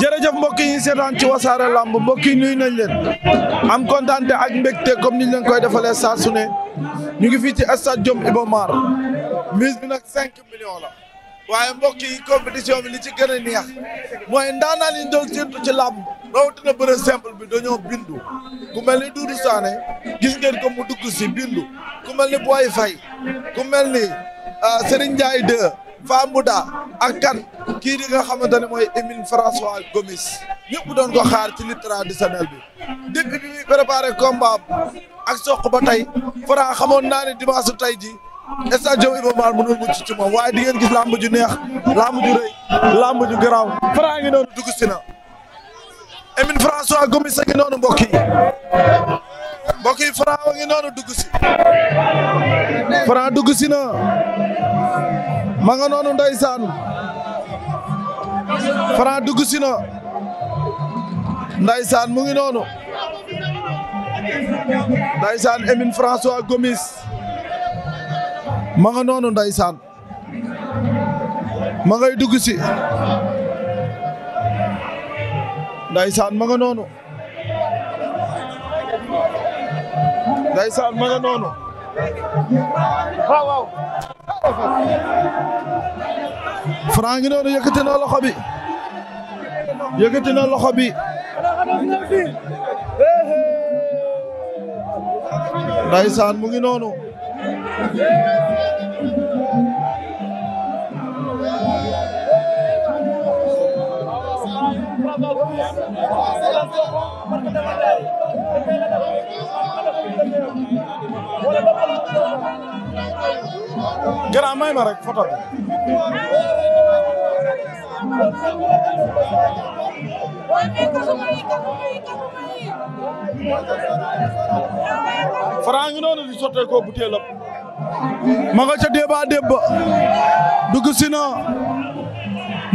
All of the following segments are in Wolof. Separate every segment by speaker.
Speaker 1: jërëjëf mbokk yi seetaan ci wasaare lamb mbokk yi nuyu nañ leen am kontaan ak mbégte comme niñ leen koy defalee saa su ne ñu ngi fii ci stade Diop Iba Mar mise bi nag cinq millions la waaye mbokk yi compétition bi li ci gën a neex mooy ndaanaan yi doon séntu ci làmb na bëre simple bi dañoo bindu ku mel ni Doudou Sané gis ngeen ko mu dugg si bindu ku mel ni Boy Faye ku mel ni euh, Serigne Ndiaye 2 Fambuda ak kan kii di nga xamante ne mooy Émile François Gomis ñëpp doon ko xaar ci lutte traditionnelle bi depuis bi muy préparé combat ak soq ba tey Franc xamoon naa ne dimanche tey ji stade Iba Mar mënul mucc ci moom waaye di ngeen gis lamb ju neex lamb ju rëy lamb ju garaaw Franc si na Émile François Gomis a ngi noonu mbokk yi mbokk yi Franc si na ma nga noonu ndeysaan Franc dugg si na ndeysaan mu ngi noonu ndeysaan Emine François Gomis ma nga noonu ndeysaan ma ngay dugg si ndeysaan ma nga noonu ndeysaan ma nga noonu Franc ngi noonu yëkkati na loxo bi yëkkati na loxo bi ndaysaan mu ngi noonu Garaam may ma rek photo bi. Franc noonu di sottee ko butéel ab. ma nga ca débat ba. dugg si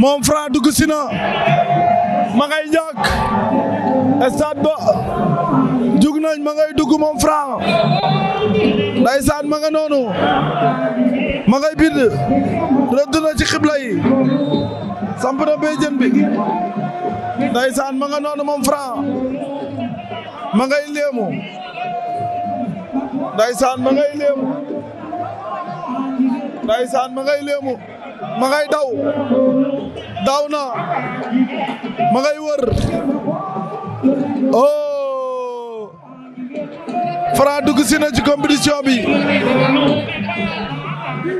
Speaker 1: moom Franc dugg si ma ngay ñàkk. stade ba jug nañ ma dugg moom Franc ndeysaan ma nga noonu ma ngay bind rëdd na ci xibla yi samp na bee jën bi ndeysaan ma noonu moom Franc ma ngay léemu ndeysaan ma ngay léemu ndeysaan ma ngay léemu daw daw na ma wër oh Franc dugg si na ci compétition bi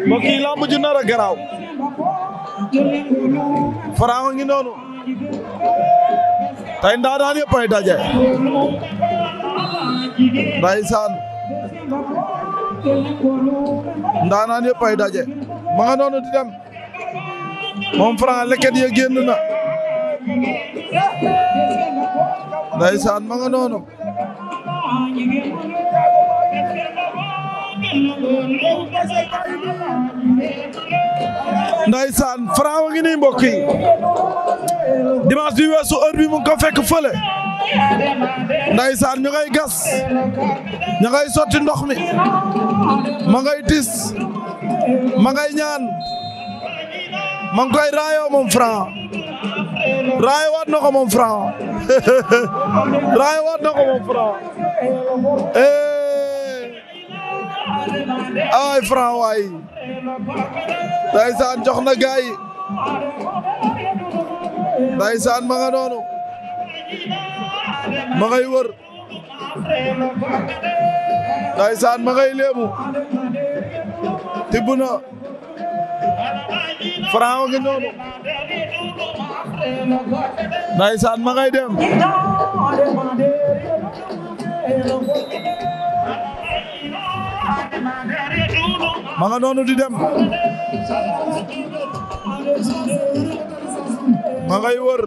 Speaker 1: mbokk yi lamb ju nar a garaaw Franc ngi noonu tey ndaanaan yëpp ay daje ndeysaan ndaanaan yëpp daje ma di dem moom Franc leket ya génn na Ndeysaan ma nga noonu Ndeysaan Franc wa ngi nii mbokk yi dimanche bi weesu heure bi mu ngi ko fekk fële Ndeysaan ñu ngay gas ñu ngay sotti ndox mi ma tis ma ñaan ma ngi koy Franc raay waat na ko moom Franc raay waat na ko moom Franc eh. ay Franc waay jox na gaay ndeysaan ma nga noonu ma ngay wër ndeysaan ma ngay léemu tibb Franc ngi noonu ndaysaan ma ngay dem ma nga noonu di dem ma ngay wër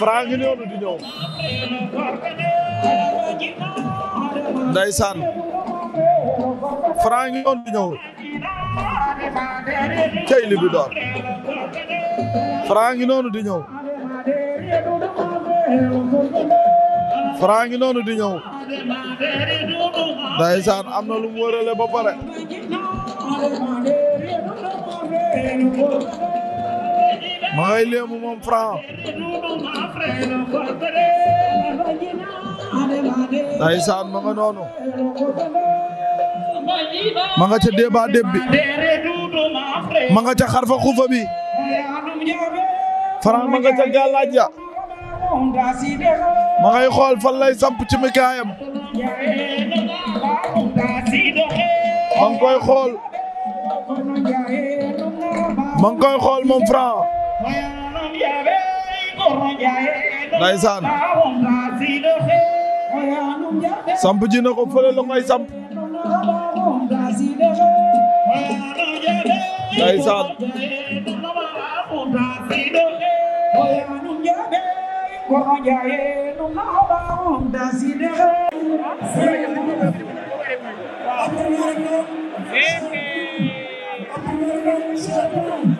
Speaker 1: Franc ngi noonu di ñëw ndeysaan Franc ngi noonu di ñëw cey li bi door Franc ngi noonu di ñëw Franc ngi noonu di am na lu mu wërale ba pare ma ngay moom Franc Ndeysaan ma nga noonu ma ca débat déb bi nga ca xarfa xufa bi Franc ma nga ca gàllaaj ya ma xool fan lay samp ci mikaayam ma ngi xool ma ngi ndaysaan samp ji na ko fële la koy samp ndaysaan Thank you.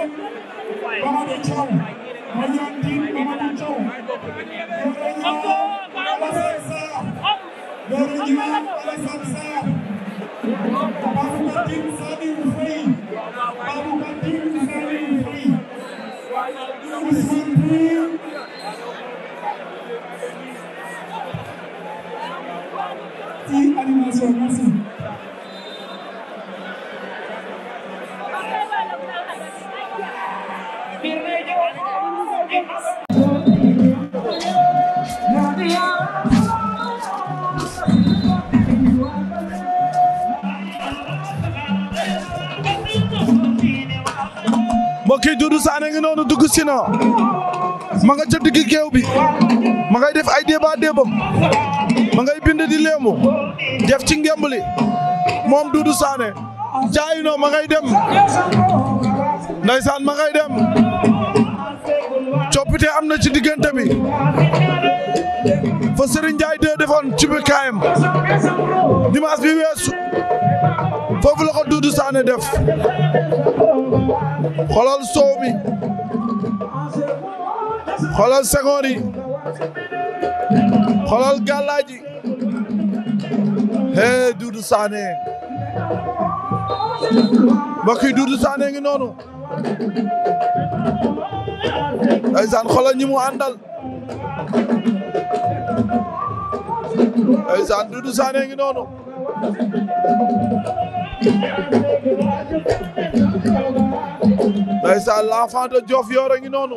Speaker 1: Mamadou Thiaw Mandiang Tine Mamadou Thiaw Alassane Sarr Doro Ndiaye Alassane Sarr Babacar Tine Saliou Faye Babacar Tine Saliou Faye Ousmane Pouye ci animation merci mbokk yi Doudou Sané noonu dugg si na ma nga ca digg géew bi ma ngay def ay débat débam ma ngay bind di léemu def ci ngemb li moom Doudou Sané jaayu noo ma ngay dem ndeysaan ma ngay dem coppite am na ci diggante bi fa Serigne Ndiaye 2 defoon ci bi kaayam bi weesu foofu la ko Doudou Sané def xoolal soow mi xoolal sengoor yi hee Doudou Sané mbokk yi Doudou ngi noonu ndeysaan xoolal ñi mu àndal ndeysaan Doudou Sané ngi noonu ndeysaan l'enfant de Diof Yor a ngi noonu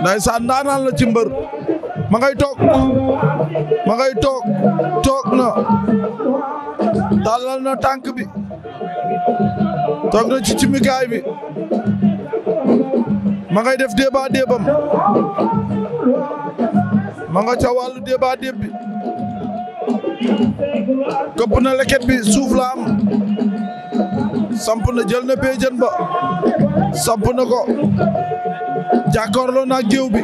Speaker 1: ndeysaan ndaanaan la ci mbër ma ngay toog ma ngay toog toog na tàllal na tànk bi toog na ci cimikaay bi ma ngay def débat débam ma nga ca wàllu débat déb bi këpp na leket suuf la am samp na jël na béjjën ba samp na ko jàkkaarloo na géew bi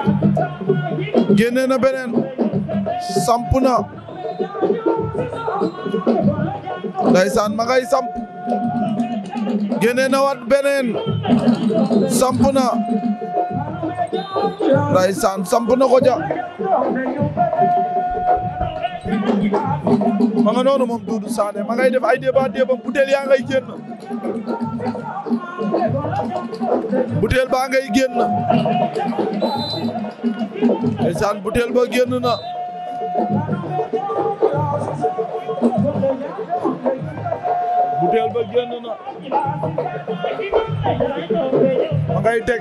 Speaker 1: génne na beneen samp na ndaysaan ma ngay samp génne na wat beneen samp na ndaysaan samp na ko ja ma nga noonu moom Doudou Sané ma ngay def ay débat débat butéel yaa ngay génn butéel baa ngay génn ndeysaan butéel ba génn na na ma ngay teg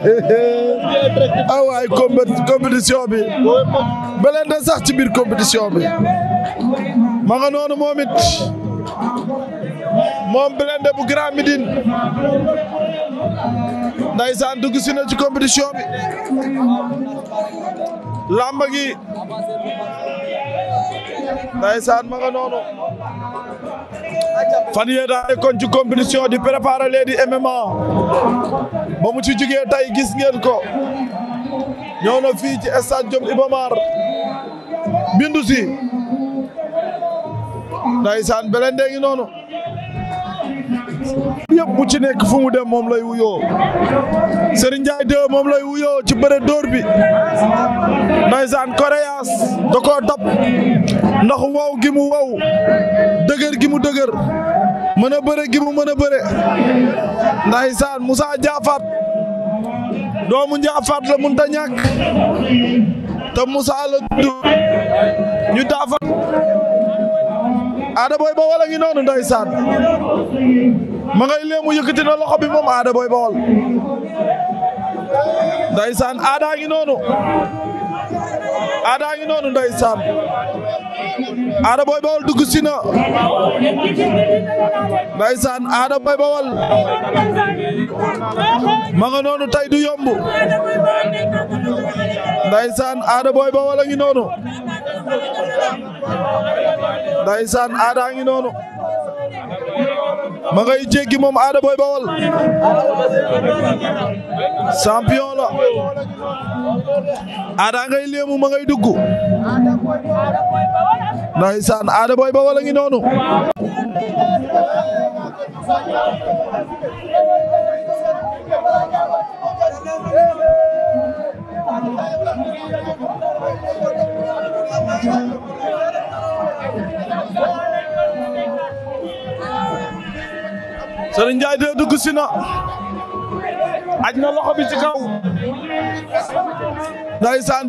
Speaker 1: ah waay beleen na sax ci biir compétition bi ma nga noonu moom it moom Blindé bu Grand Médine ci compétition bi làmb gi ndaysaan fan yee daa nekkoon di préparer lee di MMA ba mu ci tay gis ngeen ko ñëw na fii ci stade Diop Iba Mar bindu si noonu yëpp bu ci nekk fu mu dem moom lay wuyoo Serigne Ndiaye 2 moom lay wuyoo ci bëre dóor bi ndeysaan koréas da koo dab ndax wow gi mu wow dëgër gi mu dëgër mën a bëre gi mu mën a bëre ndeysaan Moussa Diafat doomu Diafat la mënta ñàkk te Moussa la tudd ñu daafat Ada Boy Baol a ngi noonu ndeysaan ma ngay léemu yëkkati na loxo bi moom Ada Boy Baol ndeysaan Ada noonu Ada a noonu ndeysaan Ada Boy Baol dugg si na ndeysaan Ada Boy noonu taydu du yomb ndeysaan Ada Boy a ngi noonu ndaysaan aada ngi noonu ma ngay jéggi moom aada boy bawol champion la aada ngay léemu ma ngay dugg Serigne Ndiaye de dugg si na aj na loxo bi ci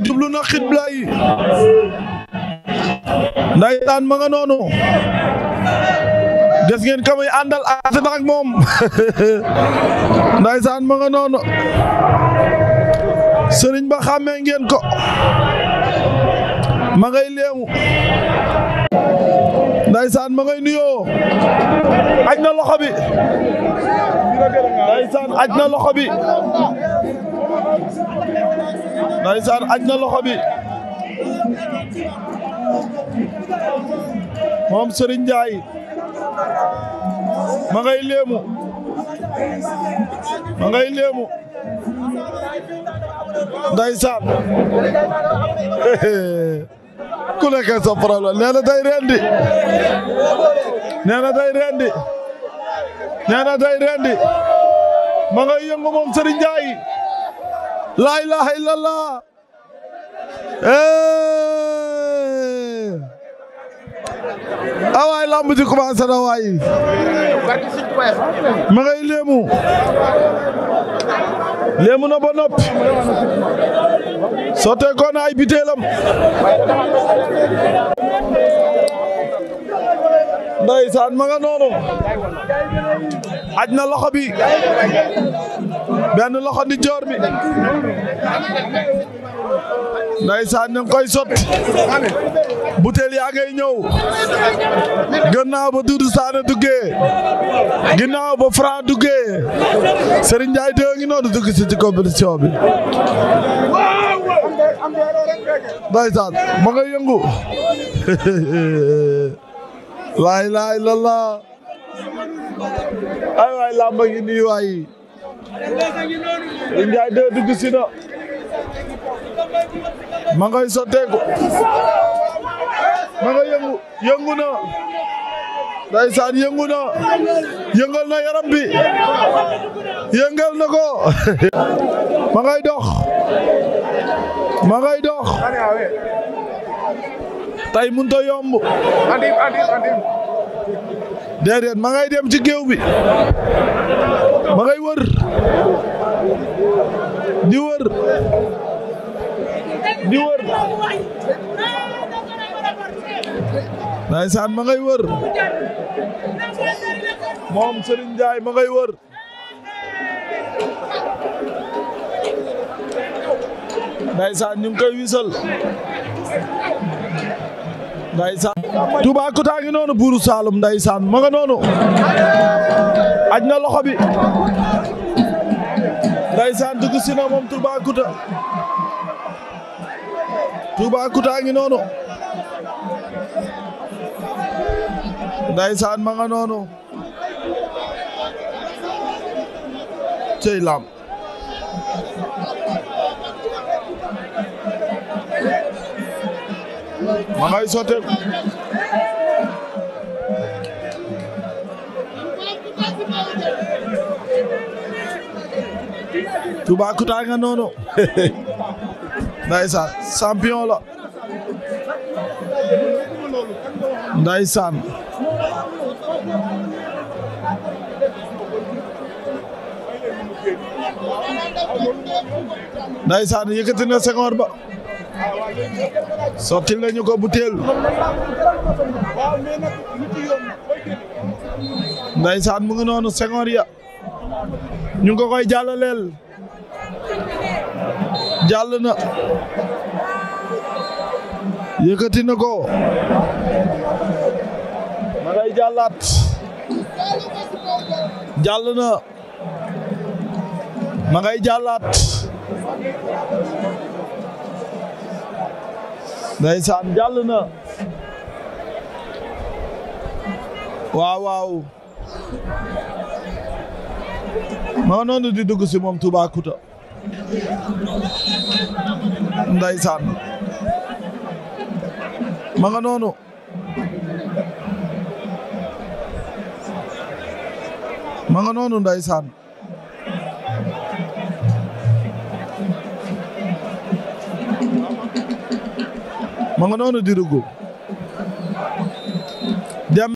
Speaker 1: jublu na xibla yi ndaysaan ma nga noonu des ngeen kamay àndal ànd ak moom ndaysaan ma sëriñ ba xàmmee ngeen ko ma ngay ndaysaan ma ngay nuyoo aj na loxo bi ndaysaan aj na loxo bi ndaysaan aj na loxo bi moom Serigne Ndiaye ma ngay léemu ma ngay ku nekk sa problème nee na day rendi nee na day rendi nee na day rendi ma ngay yëngu moom Serigne Ndiaye laa ilaaha illallah ah waay lamb ji commencé na waay ma ngay léemu léemu na ba noppi sottee ko na ay bitéelam ndeysaan ma nga noonu aj na loxo bi benn loxo di joor bi ndeysaan ñu ngi koy sot butéel yaa ngay ñëw gannaaw ba Doudou Sané duggee ginnaaw ba Franc duggee Serigne Ndiaye dégg noonu dugg si ci compétition bi ndeysaan ma nga yëngu laa ilaaha ay waay làmb ngi nii waay i njaay de dugg si na ma ngay sotteeku ma nga yëngu yëngu na ndeysaan yëngu na yëngal na yaram bi yëngal na ko ma ngay dox ma ngay tey mënut a yomb. adim adim adim. déedéet ma ngay dem ci géew bi ma ngay wër di wër di wër. Ndeysaan ma ngay wër moom Serigne Ndiaye ma ngay wër Ndeysaan ñu ngi koy wisal ndeysaan Toubacouta ngi noonu buuru Saalum nday saan nga noonu aj na loxo bi ndeysaan dugg si na moom Toubacouta Toubacouta ngi noonu ndeysaan ma nga noonu cey lam ma ngay sotteeku Toubacouta nga noonu ndaysaan champion la ndaysaan ndaysaan yëkkati na sengoor ba sottil nañu ko butéel ndaysaan mu ngi noonu sengoor ya ñu ngi ko koy jàllaleel jàll na yëkkati na ko ma ngay jàllaat jàll na ma jàllaat ndeysaan jàll na waaw waaw moo noonu di dugg si moom Toubacouta ndeysaan ma nga noonu ma nga noonu ndeysaan ma nga noonu di rëgg